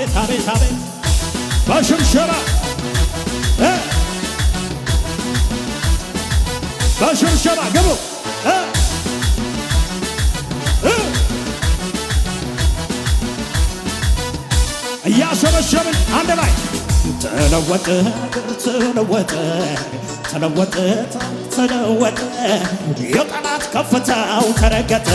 አቤት አቤት አቤት በሽብሸባ በሽብሸባ ግቡ እያሸበሸብን አንድ ላይ ተለወጠ ተለወጠ ተለወጠ ተለወጠ የጠላት ከፍታው ተረገጠ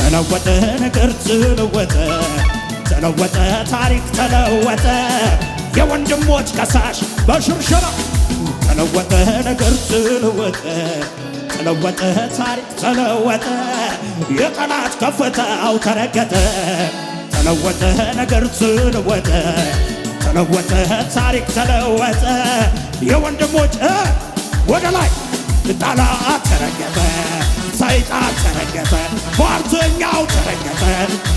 ተለወጠ ነገር ተለወጠ ተለወጠ ታሪክ ተለወጠ የወንድሞች ከሳሽ በሽርሸራ ተለወጠ ነገር ተለወጠ ተለወጠ ታሪክ ተለወጠ የጠላት ከፍታው ተረገጠ ተለወጠ ነገር ተለወጠ ተለወጠ ታሪክ ተለወጠ የወንድሞች ወደ ላይ ጣላ ተረገጠ ሰይጣን ተረገጠ፣ ሟርተኛው ተረገጠ፣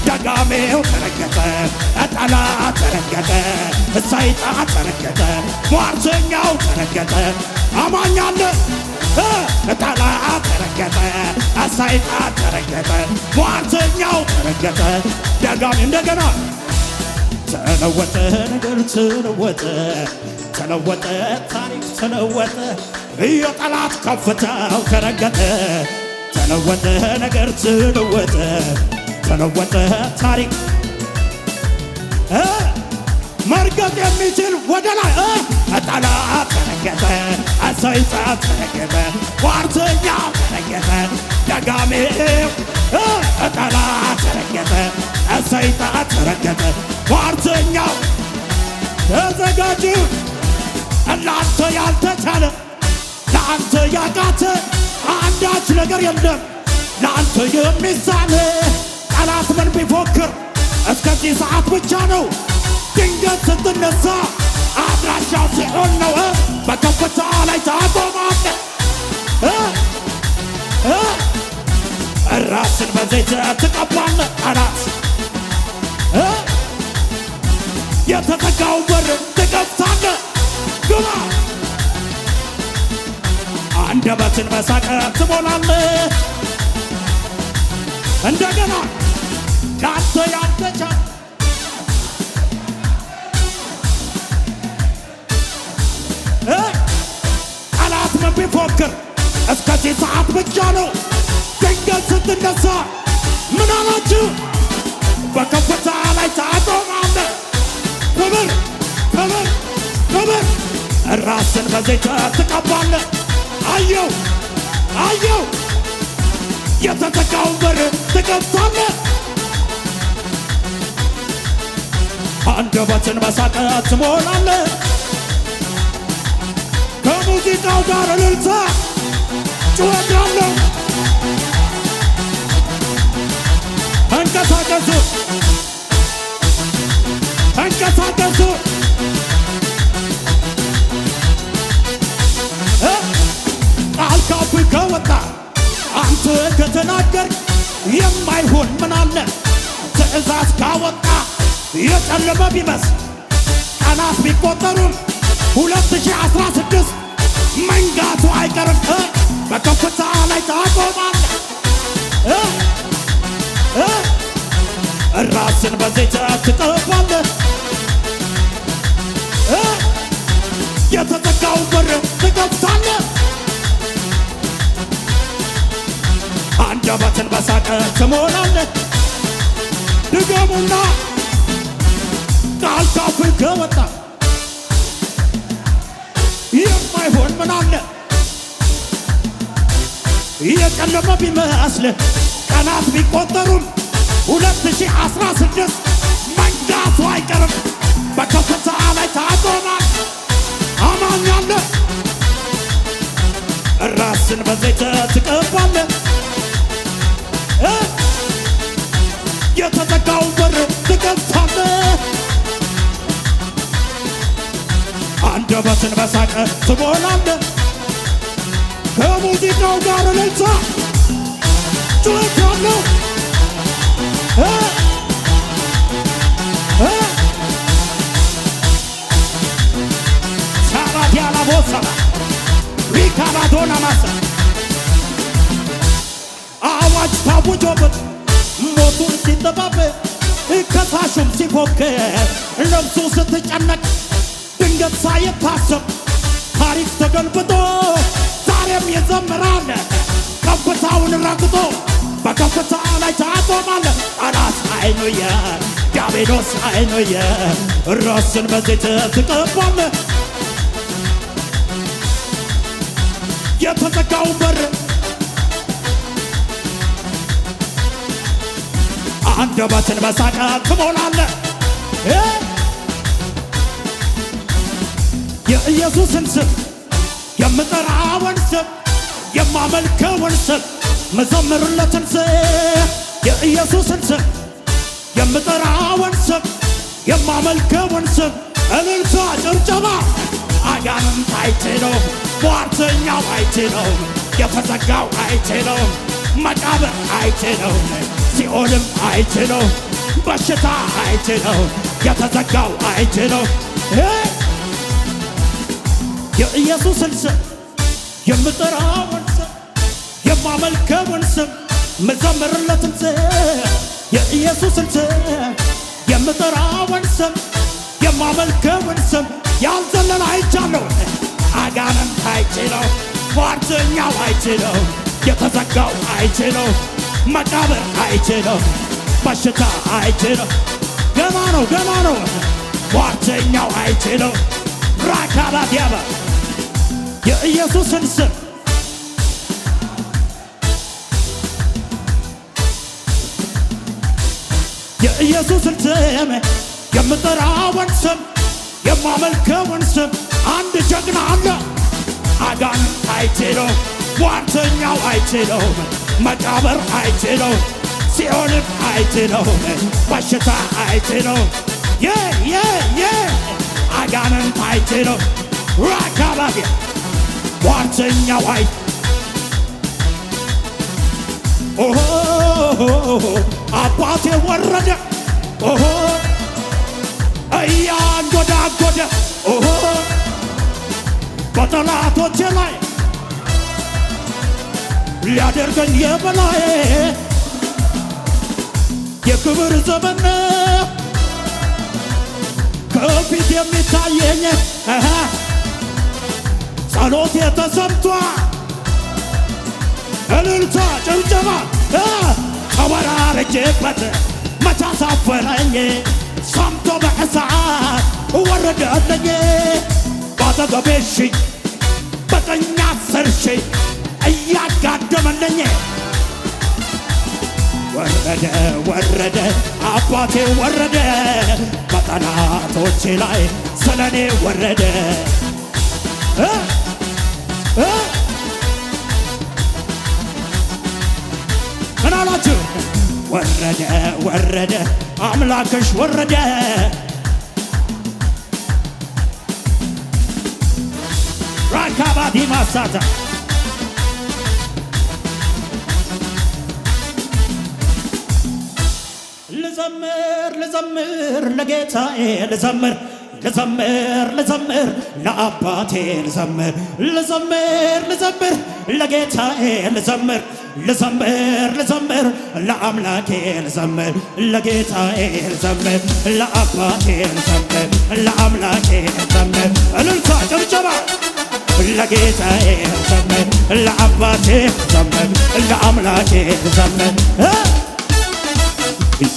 ደጋሜው ተረገጠ፣ ጠላት ተረገጠ፣ ሰይጣን ተረገጠ፣ ሟርተኛው ተረገጠ፣ አማኛለ ጠላት ተረገጠ፣ ሰይጣን ተረገጠ፣ ሟርተኛው ተረገጠ፣ ደጋሜ እንደገና ተለወጠ ነገር ተለወጠ ተለወጠ ታሪክ ተለወጠ የጠላት ከፍታው ተረገጠ ተለወጠ ነገር ተለወጠ ተለወጠ ታሪክ መርገጥ የሚችል ወደ ላይ ጠላት ተረገጠ፣ ሰይጣን ተረገጠ፣ ጓርተኛ ተረገጠ፣ ደጋሚው ጠላት ተረገጠ፣ ሰይጣን ተረገጠ፣ ጓርተኛው ተዘጋጁ እናንተ ያልተቻለ ለአንተ ያቃተ አንዳች ነገር የለም ለአንተ የሚሳን ጠላት ምን ቢፎክር እስከዚህ ሰዓት ብቻ ነው። ድንገት ስትነሳ አድራሻው ሲሆን ነው። በከፍታ ላይ ታቆማለ። ራስን በዘይት ትቀባለ። አራት የተዘጋው በር ትከፍታ ልባችን መሳቀም ትሞላለ። እንደገና ካንተ ያደቻ ጠላት ቢፎክር እስከዚህ ሰዓት ብቻ ነው። ድንገት ስትነሳ ምን አላችሁ? በከፍታ ላይ ታቆማለ ክብር ክብር ክብር ራስን በዘይት ትቀባለህ። አየው አየው የተዘጋውን በር ትከፍታለህ። አንደበትን በሳቅ ትሞላለህ። ከሙዚቃው ጋር እልልታ ተወጣ አንተ ከተናገር የማይሆን ምናለ ትእዛዝ ካወጣ የጨለመ ቢመስል ቀናት ቢቆጠሩም 2016 መንጋቱ አይቀርም። በከፍታ ላይ ታቆማለ ራስን በዘይት ትቀባለ የተዘጋው በር ትከፍታለ አንደበትን በሳቅ ትሞላለህ። ድገሙና ቃል ካፍህ ከወጣ የማይሆን ምን አለ? እየጨለመ ቢመስልህ ቀናት ቢቆጠሩም 2016 መንጋቱ አይቀርም። በከፍታ ላይ ታቆማል። አማኛለህ ራስን በዘይት ትቀባለህ። የተዘጋውን በር ትከፍታለ አንደበትን በሳቅ ትሞላለ ከሙዚቃው ጋር እልልታ ጩኸታለ ሳባት ያላቦሰባ ሪካባዶና ማሰብ ሲጮበት ሞቱን ሲጠባበቅ ከሳሹም ሲፎክር ነፍሱ ስትጨነቅ ድንገት ሳይታሰብ ታሪክ ተገልብጦ ዛሬም ይዘምራል ከፍታውን ረግጦ በከፍታ ላይ ታቆማለ ጠላት አይኑየ ዲያብሎስ አይኑየ ራስን በዘይት ትቀባለ የተዘጋው በር አንደበትን በሳቅ ትሞላለህ። የኢየሱስን ስም የምጠራውን ስም የማመልከውን ስም መዘምርለትን ስም የኢየሱስን ስም የምጠራውን ስም የማመልከውን ስም እልልታ ጭብጨባ አጋንንት አይችለው ሟርተኛው አይችለው የተዘጋው አይችለው መቃብር አይችለው ሲኦልም አይችለው፣ በሽታ አይችለው፣ የተዘጋው አይችለው። የኢየሱስን ስም የምጠራውን ስም የማመልከውን ስም መዘምርለትን ስም የኢየሱስን ስም የምጠራውን ስም የማመልከውን ስም ያልዘለለ አይቻለው፣ አጋንንት አይችለው፣ ሟርተኛው አይችለው፣ የተዘጋው አይችለው መቃብር አይችልም፣ በሽታ አይችልም። ገማ ነው ገማ ነው ጓደኛው አይችልም። ራካባት የኢየሱስን ስም የኢየሱስን ስም የምጠራውን ስም የማመልከውን ስም አንድ ጀግና አለ አጋን አይችልም ሟርተኛው አይችለውም፣ መቃብር አይችለውም፣ ሲኦልም አይችለውም፣ በሽታ አይችለውም፣ አጋንንት አይችለውም። ራካባቢ ሟርተኛው አይ አባቴ ወረደ እያንጎዳጎደ በጠላቶቼ ላይ ሊያደርገኝ የበላይ የክብር ዘመን ከፊት የሚታየኝ ጸሎት የተሰምቷ እልልታ ጭብጨባ ተወራርጄበት መቻ ሳፈረኝ ሰምቶ በእሳት ወረደልኝ ባጠገቤ ሺህ በቀኝ እያጋደመነኝ ወረደ ወረደ አባቴ ወረደ በጠላቶቼ ላይ ስለኔ ወረደ ምን አላችሁ? ወረደ ወረደ አምላክሽ ወረደ ራካባዲ ማሳታ ልዘምር ልዘምር ለጌታዬ ልዘምር ልዘምር ልዘምር ለአባቴ ልዘምር ልዘምር ልዘምር ለጌታዬ ልዘምር ልዘምር ልዘምር ለአምላኬ ልዘምር ለጌታዬ ልዘምር ለአባቴ ልዘምር ለአምላኬ ልዘምር እልልታ ጭብጨባ ለጌታዬ ልዘምር ለአባቴ ልዘምር ለአምላኬ ልዘምር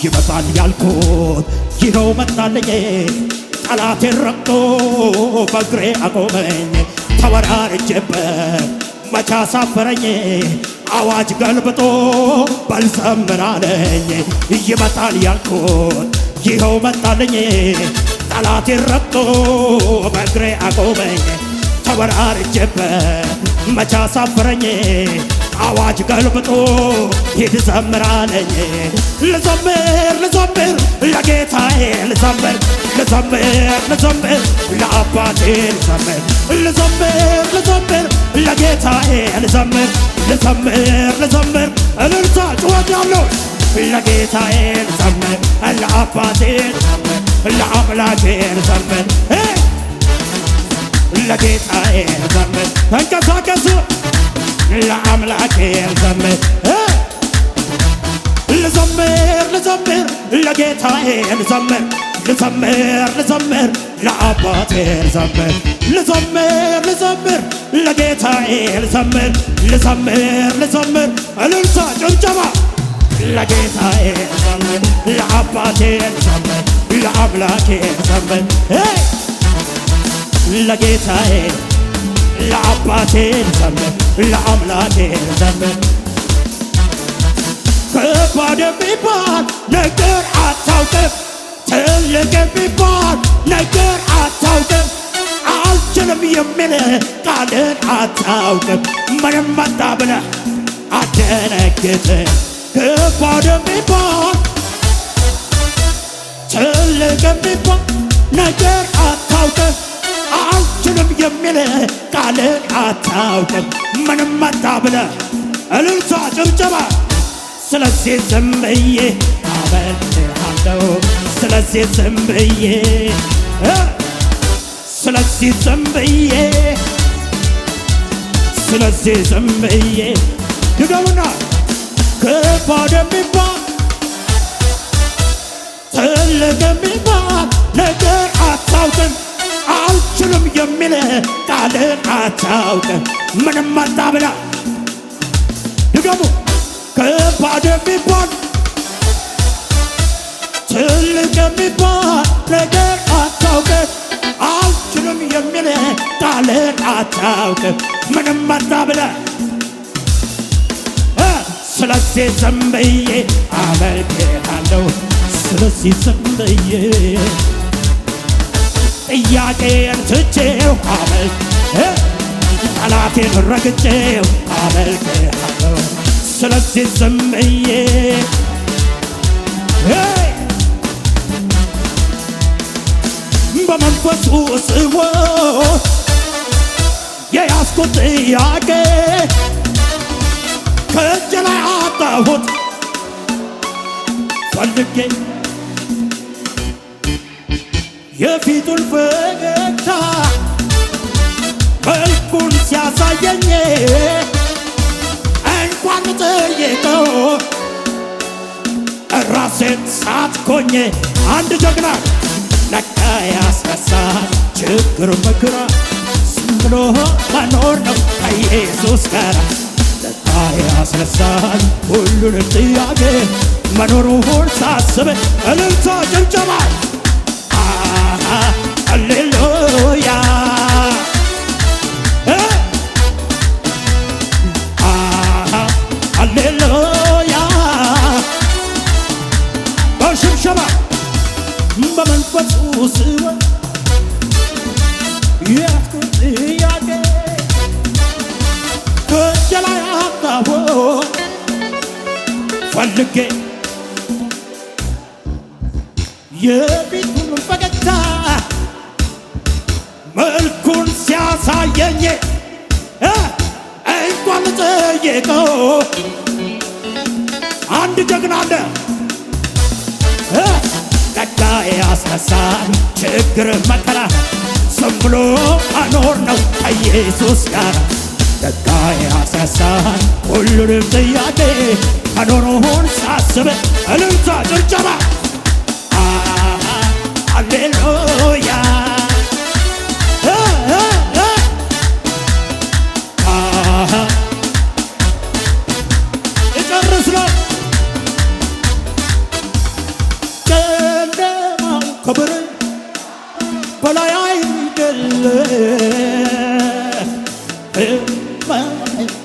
ይመጣል ያልኩት ይኸው መጣልኝ ጠላቴ ረግጦ በእግሬ አቆመኝ ተወራርጄበት መቻ ሳፈረኝ አዋጅ ገልብጦ በልዘምር አለኝ ይመጣል ያልኩት ይኸው መጣልኝ ጠላቴ ረግጦ በእግሬ አቆመኝ ተወራርጄበት መቻ ሳፈረኝ አዋጅ ገልብጦ ሂድ ዘምር ልዘምር ልዘምር ለጌታዬ ልዘምር ልዘምር ልዘምር ለአባቴ ልዘምር ልዘምር ልዘምር ለጌታዬ ልዘምር ልዘምር ልዘምር እልልታ ጩኸት ያለው ለጌታዬ ልዘምር ለአባቴ ልዘምር ለአምላኬ ልዘምር ለጌታዬ ልዘምር ተንቀሳቀሱ ለአምላኬ ዘምር ልዘምር ልዘምር ለጌታዬን ዘምር ልዘምር ልዘምር ለአባቴ ዘምር ልዘምር ልዘምር ለጌታዬን ዘምር ልዘምር ልዘምር እልልታ ጭብጨባ ለጌታዬን ዘምር ለአባቴን ዘምር ለአምላኬን ዘምር ለጌታዬ ለአባቴን ዘምር ለአምላኬ ዘምር። ከባድ የሚባል ነገር አታውቅም፣ ትልቅ የሚባል ነገር አታውቅም፣ አልችልም የሚል ቃልን አታውቅም። ምንም መጣ ብለ አደነግጥም። ከባድ የሚባል ትልቅ የሚባል ነገር አታውቅም አልችልም የሚል ቃል አታውቅም ምንም መጣ ብለ እልልቷ ጭብጨባ ስለዚህ ዝም ብዬ አበድሃለሁ ስለዚህ ዝም ብዬ ስለዚህ ዝም ብዬ ስለዚህ ዝም ብዬ ድገሙና ክፉ የሚባል ትልቅ የሚባል ነገር አታውቅም አልችልም የሚል ቃልን አታውቅ ምንም አታብላ ድገሙ ከባድ የሚባል ትልቅ የሚባል ነገር አታውቅ አልችልም የሚል ቃልን አታውቅ ምንም አታብላ ስለዚህ ዘንበዬ ብዬ አመልክሃለሁ ስለዚህ ዝም ጥያቄን ትቼው አመል ጠላቴን ረግጬው አመልክሃለሁ። ስለዚህ ዝምዬ በመንፈሱ ጽሞ የያዝኩት ጥያቄ ከእጅ ላይ አጣሁት ፈልጌ የፊቱን ፈገግታ መልኩን ሲያሳየኝ እንኳን ጠየቀው ራሴን ሳትኮኝ አንድ ጀግና ለካ ያስረሳል ችግር መግራ ስምሎ መኖር ነው ከኢየሱስ ጋር ለካ ያስረሳል ሁሉንም ጥያቄ መኖሩን ሳስብ እልልታ ጭብጨባ ሃሌሉያ ሃሌሉያ በሽብሸባ በመንፈሱ ስወ ያስኩት ፈልጌ የፊት ብዬ እንኳን ልጠየቀው አንድ ጀግና አለ ቀዳይ አስነሳን ችግር መከራ ዝም ብሎ አኖር ነው ከኢየሱስ ጋር ቀዳይ አስነሳን ሁሉንም ጥያቄ መኖሩን ሳስብ እልልታ ጭርጨራ አሌሎ አለ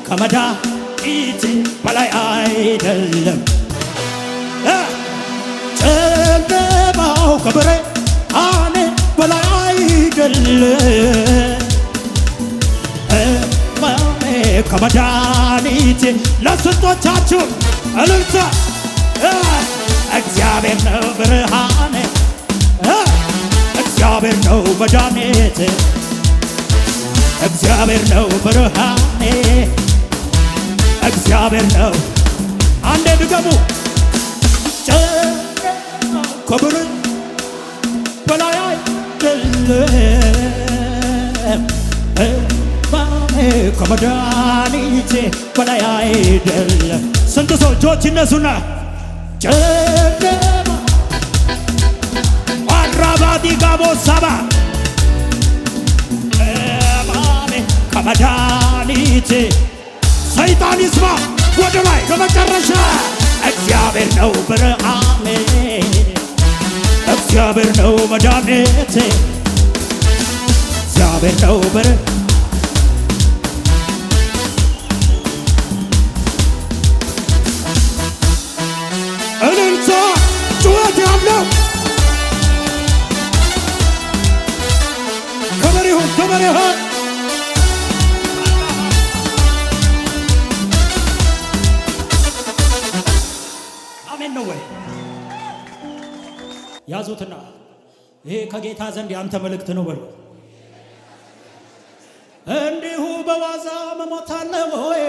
ከመድኃኒት በላይ አይደለም። ጨለማው ከብርሃን በላይ አይደለም። ከመድኃኒት ለስንቶቻችሁ እልልታ እግዚአብሔር ነው ብርሃኔ እግዚአብሔር ነው መድኃኒቴ፣ እግዚአብሔር ነው ብርሃኔ፣ እግዚአብሔር ነው። አንዴ ድገሙ። ጨለማ ከብርሃን በላይ አይደለም፣ ከመድኃኒቴ በላይ አይደለም። ስንት ሰው እጆች ይነሱና ዲጋቦ ሳባ እማኔ ከመድኃኒቴ ሰይጣን ይስማ ወደ ላይ በመጨረሻ እግዚአብሔር ነው ብርሃኔ እግዚአብሔር ነው መድኃኒቴ እግዚአብሔር ነው ብር ክብር ይሁን። አሜን ነው ወይ? ያዙትና ይሄ ከጌታ ዘንድ የአንተ መልእክት ነው በሉ። እንዲሁ በዋዛ መሞታለ ወይ?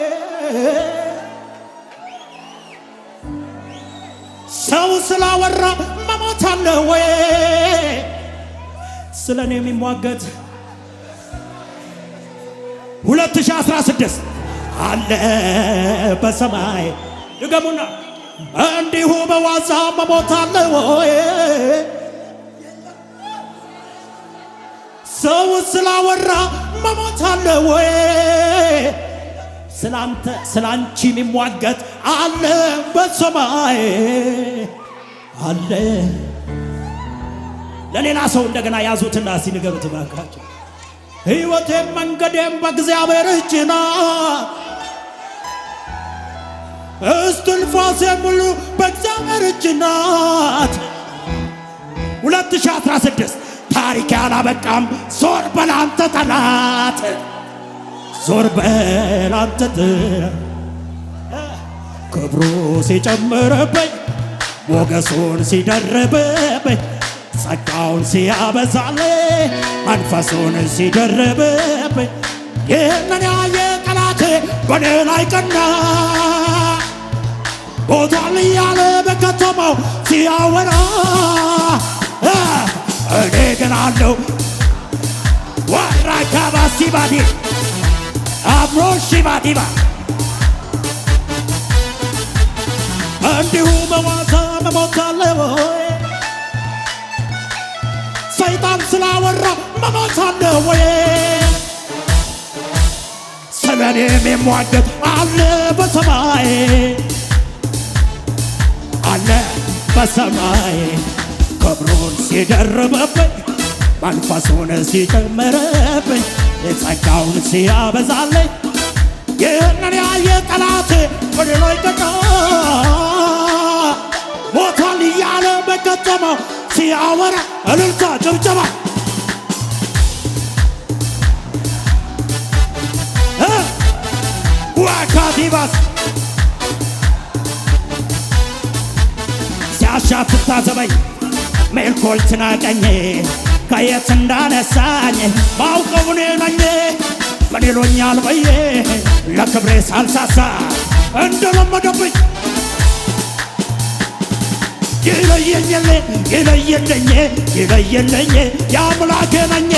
ሰው ስላወራ መሞታለ ወይ? ስለ እኔ የሚሟገት 2016 አለ በሰማይ ድገሙና እንዲሁ በዋዛ መሞት አለ ወይ? ሰው ስላወራ መሞት አለ ወይ? ስላንተ ስላንቺ የሚሟገት አለ በሰማይ አለ። ለሌላ ሰው እንደገና ያዙትና ሕይወቴም መንገዴም በእግዚአብሔር እጅ ናት። እስትንፋሴም ሙሉ በእግዚአብሔር እጅ ናት። 2016 ታሪክ ያላበቃም። ዞር በላንተ ጠላት፣ ዞር በላንተ ክብሩ ሲጨምርብኝ ሞገሱን ሲደርብብኝ ጸጋውን ሲያበዛል መንፈሱን ሲደርብብ ይህንን ያየ ቀላት በኔ ላይ ቀና ቦቷል እያለ በከተማው ሲያወራ እኔ ግን አለው ወራካባ ሲባዲ አብሮ ሺባዲባ እንዲሁ በዋሳ ወይ ስላወራ መሞት አለ ወይ? ስለኔም የሚሟገት አለ በሰማይ አለ በሰማይ ክብሩን ሲደርበብኝ መንፈሱን ሲጨምርብኝ የጸጋውን ሲያበዛለኝ ይህንን ያየ ጠላት ወደ ላይ ሞታል እያለ በገጠመው ሲያወራ እልልታ ጭብጨባ ዲባስ ሲያሻፍታ ዘበኝ ሜልኮል ትናቀኝ ከየት እንዳነሳኝ ባውቀው እኔ ነኝ ምን ይሉኛል ብዬ ለክብሬ ሳልሳሳ እንደለመደብኝ ይለየኝ ይለየለኝ ይለየለኝ የአምላኬ ነኝ